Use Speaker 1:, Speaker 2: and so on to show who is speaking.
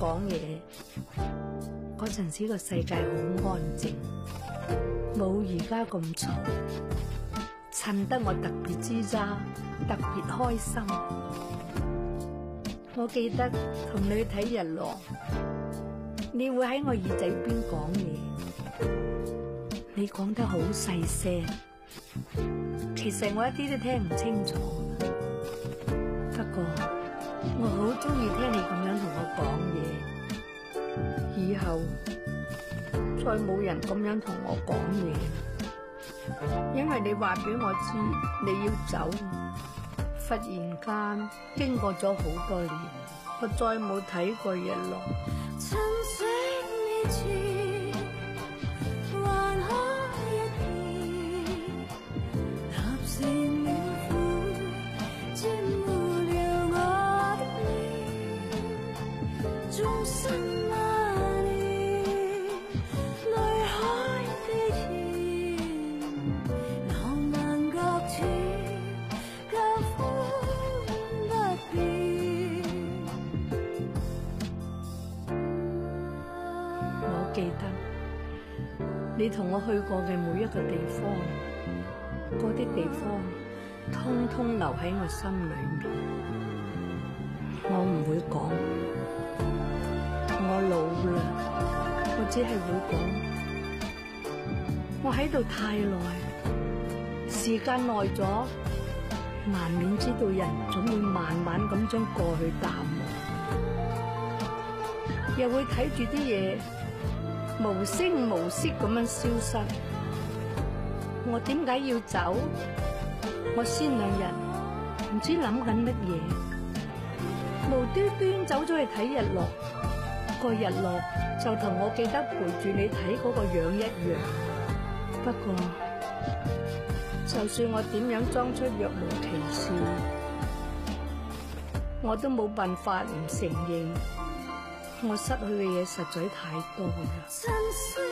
Speaker 1: 講嘢嗰陣時，個世界好安靜，冇而家咁嘈，襯得我特別之渣，特別開心。我記得同你去睇日落，你會喺我耳仔邊講嘢，你講得好細聲，其實我一啲都聽唔清楚，不過，我好中意聽你咁樣同我講嘢，以後再冇人咁樣同我講嘢，因為你話俾我知你要走，忽然間經過咗好多年，我再冇睇過日落。你同我去過嘅每一個地方，嗰啲地方通通留喺我心裏面。我唔會講，我老啦，我只係會講，我喺度太耐，時間耐咗，難免知道人總會慢慢咁將過去淡忘，又會睇住啲嘢。無聲無息咁樣消失，我點解要走？我先兩日唔知諗緊乜嘢，無端端走咗去睇日落，個日落就同我記得陪住你睇嗰個樣一樣。不過，就算我點樣裝出若無其事，我都冇辦法唔承認。我失去嘅嘢實在太多啦。